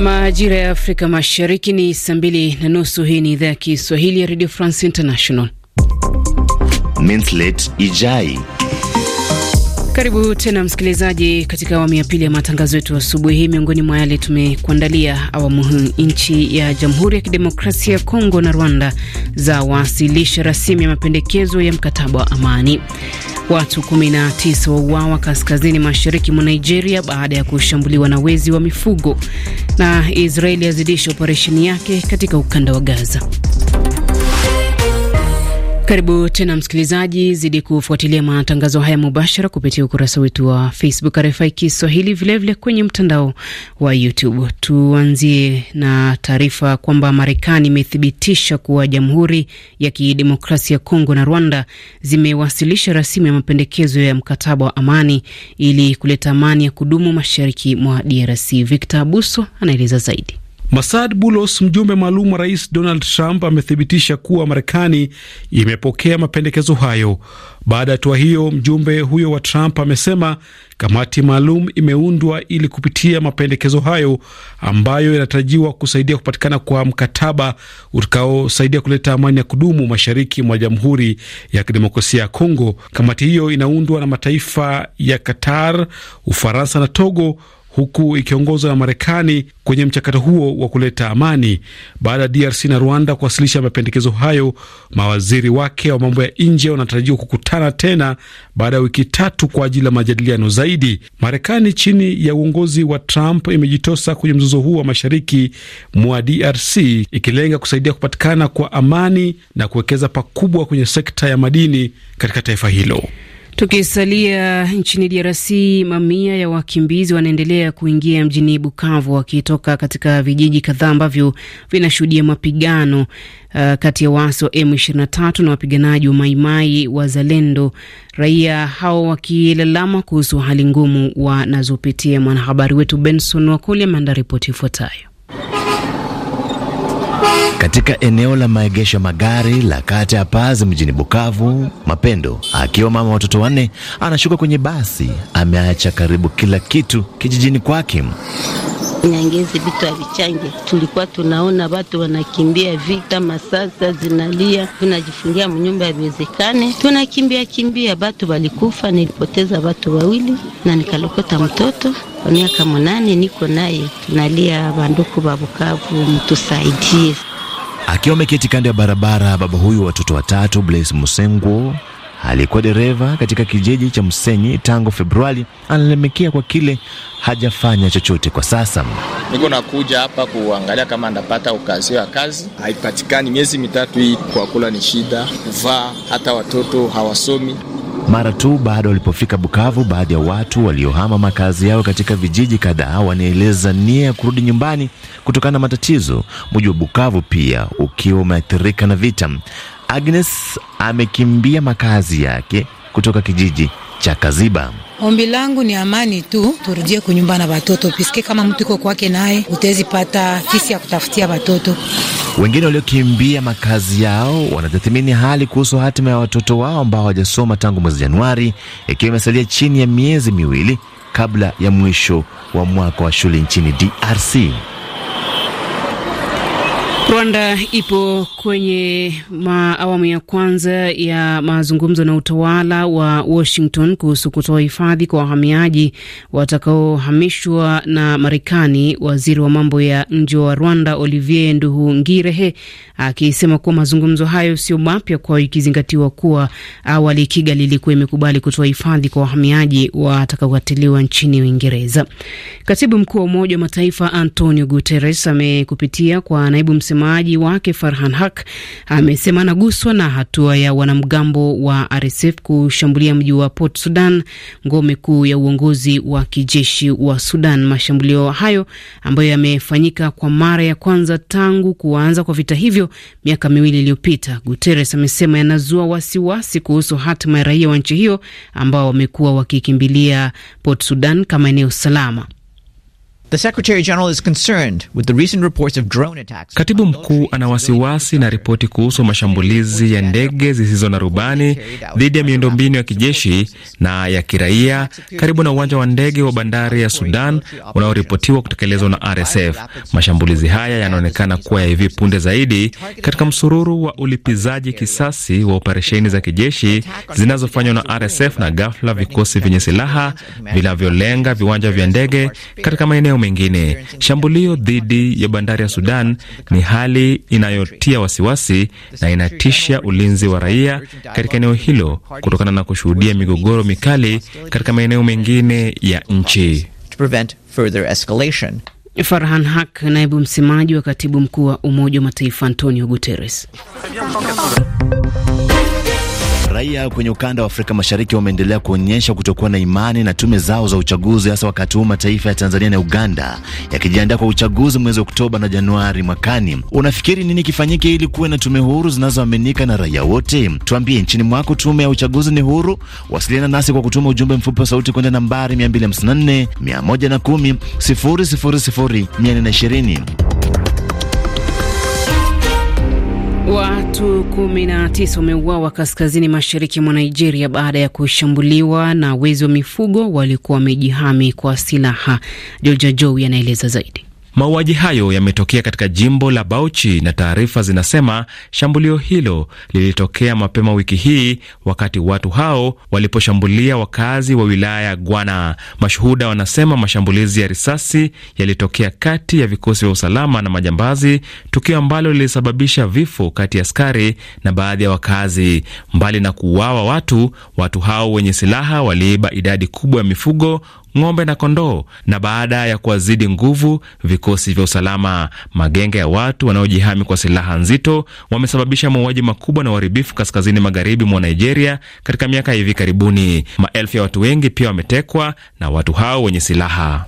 Majira ya Afrika Mashariki ni saa mbili na nusu. Hii ni idhaa ya Kiswahili ya Radio France International. minslate Ijai karibu tena msikilizaji, katika awamu ya pili ya matangazo yetu asubuhi hii. Miongoni mwa yale tumekuandalia awamu hii, nchi ya Jamhuri ya Kidemokrasia ya Kongo na Rwanda za wasilisha rasimu ya mapendekezo ya mkataba wa amani. Watu 19 wauawa kaskazini mashariki mwa Nigeria baada ya kushambuliwa na wezi wa mifugo, na Israeli yazidisha operesheni yake katika ukanda wa Gaza. Karibu tena msikilizaji, zidi kufuatilia matangazo haya mubashara kupitia ukurasa wetu wa Facebook RFI Kiswahili, vilevile kwenye mtandao wa YouTube. Tuanzie na taarifa kwamba Marekani imethibitisha kuwa Jamhuri ya Kidemokrasia ya Kongo na Rwanda zimewasilisha rasimu ya mapendekezo ya mkataba wa amani ili kuleta amani ya kudumu mashariki mwa DRC. Victor Abuso anaeleza zaidi. Masad Bulos, mjumbe maalum wa rais Donald Trump, amethibitisha kuwa Marekani imepokea mapendekezo hayo. Baada ya hatua hiyo, mjumbe huyo wa Trump amesema kamati maalum imeundwa ili kupitia mapendekezo hayo ambayo yanatarajiwa kusaidia kupatikana kwa mkataba utakaosaidia kuleta amani ya kudumu mashariki mwa Jamhuri ya Kidemokrasia ya Kongo. Kamati hiyo inaundwa na mataifa ya Qatar, Ufaransa na Togo huku ikiongozwa na Marekani kwenye mchakato huo wa kuleta amani. Baada ya DRC na Rwanda kuwasilisha mapendekezo hayo, mawaziri wake wa mambo ya nje wanatarajiwa kukutana tena baada ya wiki tatu kwa ajili ya majadiliano zaidi. Marekani chini ya uongozi wa Trump imejitosa kwenye mzozo huo wa mashariki mwa DRC, ikilenga kusaidia kupatikana kwa amani na kuwekeza pakubwa kwenye sekta ya madini katika taifa hilo. Tukisalia nchini DRC, mamia ya wakimbizi wanaendelea kuingia mjini Bukavu wakitoka katika vijiji kadhaa ambavyo vinashuhudia mapigano uh, kati ya waasi wa M23 na wapiganaji wa Maimai wa Zalendo, raia hao wakilalama kuhusu hali ngumu wanazopitia. Mwanahabari wetu Benson Wakoli ameandaa ripoti ifuatayo katika eneo la maegesho magari la kata ya Pazi mjini Bukavu. Mapendo akiwa mama watoto wanne anashuka kwenye basi, ameacha karibu kila kitu kijijini kwake. Nyangezi vitu havichange, tulikuwa tunaona watu wanakimbia vita, masasa zinalia, tunajifungia mnyumba yaviwezekane, tunakimbia kimbia. batu walikufa, nilipoteza watu wawili na nikalokota mtoto wa miaka munane, niko naye tunalia, vanduku ba Bukavu, mtusaidie. Akiwa ameketi kando ya barabara, baba huyu watoto watatu, Blaise Musengo aliyekuwa dereva katika kijiji cha Msenyi tangu Februari, analemekea kwa kile hajafanya chochote kwa sasa. Niko nakuja hapa kuangalia kama ndapata ukazi wa kazi, haipatikani. Miezi mitatu hii kwa kula ni shida, kuvaa, hata watoto hawasomi. Mara tu baada walipofika Bukavu, baadhi ya watu waliohama makazi yao katika vijiji kadhaa wanaeleza nia ya kurudi nyumbani kutokana na matatizo, mji wa Bukavu pia ukiwa umeathirika na vita. Agnes amekimbia makazi yake kutoka kijiji cha Kaziba. Ombi langu ni amani tu, turudie kunyumba na watoto piske Kama mtu iko kwake naye utawezi pata fisi ya kutafutia watoto wengine waliokimbia makazi yao wanatathmini hali kuhusu hatima ya watoto wao ambao hawajasoma tangu mwezi Januari, ikiwa imesalia chini ya miezi miwili kabla ya mwisho wa mwaka wa shule nchini DRC. Rwanda ipo kwenye awamu ya kwanza ya mazungumzo na utawala wa Washington kuhusu kutoa hifadhi kwa wahamiaji watakaohamishwa na Marekani, waziri wa mambo ya nje wa Rwanda Olivier Nduhungirehe akisema kuwa mazungumzo hayo sio mapya kwa ikizingatiwa kuwa awali Kigali ilikuwa imekubali kutoa hifadhi kwa wahamiaji watakaokatiliwa nchini Uingereza. Katibu mkuu wa Umoja wa Mataifa Antonio Guterres amekupitia kwa naibu msema msemaji wake Farhan Haq amesema anaguswa na hatua ya wanamgambo wa RSF kushambulia mji wa Port Sudan, ngome kuu ya uongozi wa kijeshi wa Sudan. Mashambulio hayo ambayo yamefanyika kwa mara ya kwanza tangu kuanza kwa vita hivyo miaka miwili iliyopita, Guterres amesema yanazua wasiwasi kuhusu hatima ya raia wa nchi hiyo ambao wamekuwa wakikimbilia Port Sudan kama eneo salama. Katibu mkuu ana wasiwasi na ripoti kuhusu mashambulizi ya ndege zisizo na rubani dhidi ya miundombinu ya kijeshi na ya kiraia karibu na uwanja wa ndege wa bandari ya Sudan unaoripotiwa kutekelezwa na RSF. Mashambulizi haya yanaonekana kuwa ya hivi punde zaidi katika msururu wa ulipizaji kisasi wa operesheni za kijeshi zinazofanywa na RSF na ghafla vikosi vyenye silaha vinavyolenga viwanja vya ndege katika maeneo mengine. Shambulio dhidi ya bandari ya Sudan ni hali inayotia wasiwasi na inatisha ulinzi wa raia katika eneo hilo kutokana na kushuhudia migogoro mikali katika maeneo mengine ya nchi. Farhan Hak, naibu msemaji wa katibu mkuu wa Umoja wa Mataifa Antonio Guterres Raia kwenye ukanda wa Afrika Mashariki wameendelea kuonyesha kutokuwa na imani na tume zao za uchaguzi, hasa wakati huu mataifa ya Tanzania na Uganda yakijiandaa kwa uchaguzi mwezi Oktoba na Januari mwakani. Unafikiri nini kifanyike ili kuwe na tume huru zinazoaminika na raia wote? Tuambie nchini mwako tume ya uchaguzi ni huru. Wasiliana nasi kwa kutuma ujumbe mfupi wa sauti kwenda nambari 254 110 000 420. Watu 19 wameuawa kaskazini mashariki mwa Nigeria baada ya kushambuliwa na wezi wa mifugo waliokuwa wamejihami kwa silaha. Georgia jo anaeleza zaidi. Mauaji hayo yametokea katika jimbo la Bauchi na taarifa zinasema shambulio hilo lilitokea mapema wiki hii wakati watu hao waliposhambulia wakazi wa wilaya ya Gwana. Mashuhuda wanasema mashambulizi ya risasi yalitokea kati ya vikosi vya usalama na majambazi, tukio ambalo lilisababisha vifo kati ya askari na baadhi ya wakazi. Mbali na kuuawa watu, watu hao wenye silaha waliiba idadi kubwa ya mifugo ng'ombe na kondoo, na baada ya kuwazidi nguvu vikosi vya usalama, magenge ya watu wanaojihami kwa silaha nzito wamesababisha mauaji makubwa na uharibifu kaskazini magharibi mwa Nigeria katika miaka ya hivi karibuni. Maelfu ya watu wengi pia wametekwa na watu hao wenye silaha.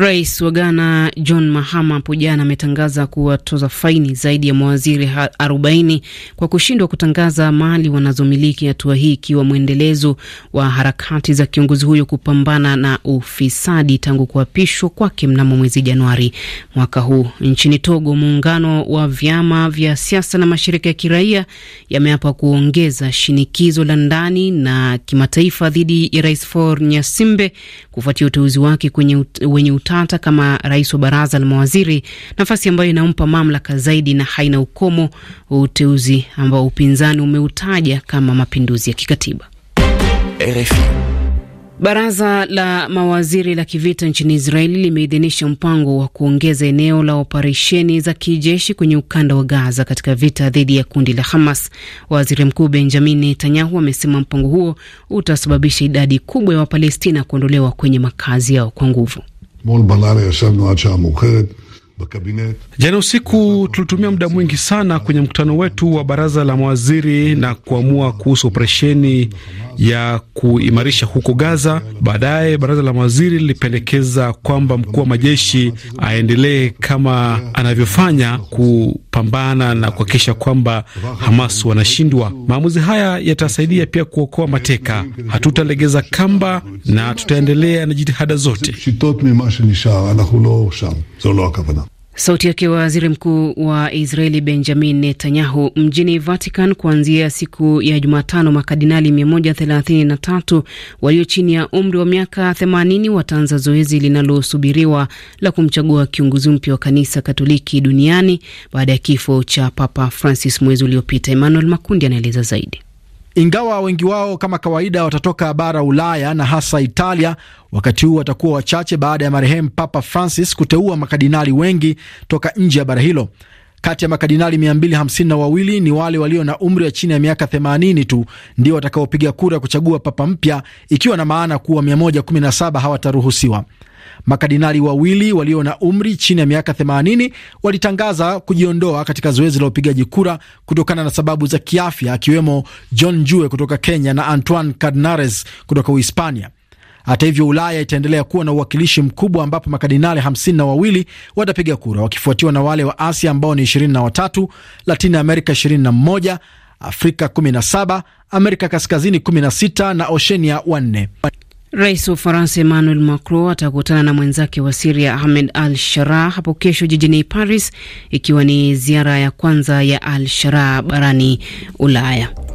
Rais wa Ghana John Mahama hapo jana ametangaza kuwatoza faini zaidi ya mawaziri 40 kwa kushindwa kutangaza mali wanazomiliki, hatua hii ikiwa mwendelezo wa harakati za kiongozi huyo kupambana na ufisadi tangu kuapishwa kwake mnamo mwezi Januari mwaka huu. Nchini Togo, muungano wa vyama vya siasa na mashirika ya kiraia yameapa kuongeza shinikizo la ndani na kimataifa dhidi ya Rais Faure Nyasimbe kufuatia uteuzi wake kwenye ut wenye ut utata kama rais wa baraza la mawaziri, nafasi ambayo inampa mamlaka zaidi na haina ukomo wa uteuzi ambao upinzani umeutaja kama mapinduzi ya kikatiba. RFI. Baraza la mawaziri la kivita nchini Israeli limeidhinisha mpango wa kuongeza eneo la operesheni za kijeshi kwenye ukanda wa Gaza katika vita dhidi ya kundi la Hamas. Waziri Mkuu Benjamin Netanyahu amesema mpango huo utasababisha idadi kubwa ya Wapalestina kuondolewa kwenye makazi yao kwa nguvu. Jana usiku tulitumia muda mwingi sana kwenye mkutano wetu wa baraza la mawaziri na kuamua kuhusu operesheni ya kuimarisha huko Gaza. Baadaye baraza la mawaziri lilipendekeza kwamba mkuu wa majeshi aendelee kama anavyofanya ku kupambana na kuhakikisha kwamba Hamas wanashindwa. Maamuzi haya yatasaidia pia kuokoa mateka. Hatutalegeza kamba na tutaendelea na jitihada zote. Sauti yake waziri mkuu wa Israeli Benjamin Netanyahu mjini Vatican kuanzia siku ya Jumatano. Makardinali 133 walio chini ya umri wa miaka 80 wataanza zoezi linalosubiriwa la kumchagua kiongozi mpya wa kanisa Katoliki duniani baada ya kifo cha Papa Francis mwezi uliopita. Emmanuel Makundi anaeleza zaidi ingawa wengi wao kama kawaida watatoka bara Ulaya na hasa Italia. Wakati huu watakuwa wachache baada ya marehemu Papa Francis kuteua makadinali wengi toka nje ya bara hilo. Kati ya makadinali 252 ni wale walio na umri wa chini ya miaka 80 tu ndio watakaopiga kura kuchagua papa mpya, ikiwa na maana kuwa 117 hawataruhusiwa. Makardinali wawili walio na umri chini ya miaka 80 walitangaza kujiondoa katika zoezi la upigaji kura kutokana na sababu za kiafya, akiwemo John jue kutoka Kenya na Antoine Cardinares kutoka Uhispania. Hata hivyo, Ulaya itaendelea kuwa na uwakilishi mkubwa ambapo makardinali hamsini na wawili watapiga kura wakifuatiwa na wale wa Asia ambao ni watatu Latini Amerika 21, Afrika saba, Amerika Kaskazini 16 na Oshenia wanne. Rais wa Ufaransa Emmanuel Macron atakutana na mwenzake wa Siria Ahmed Al Sharah hapo kesho jijini Paris, ikiwa ni ziara ya kwanza ya Al Sharah barani Ulaya.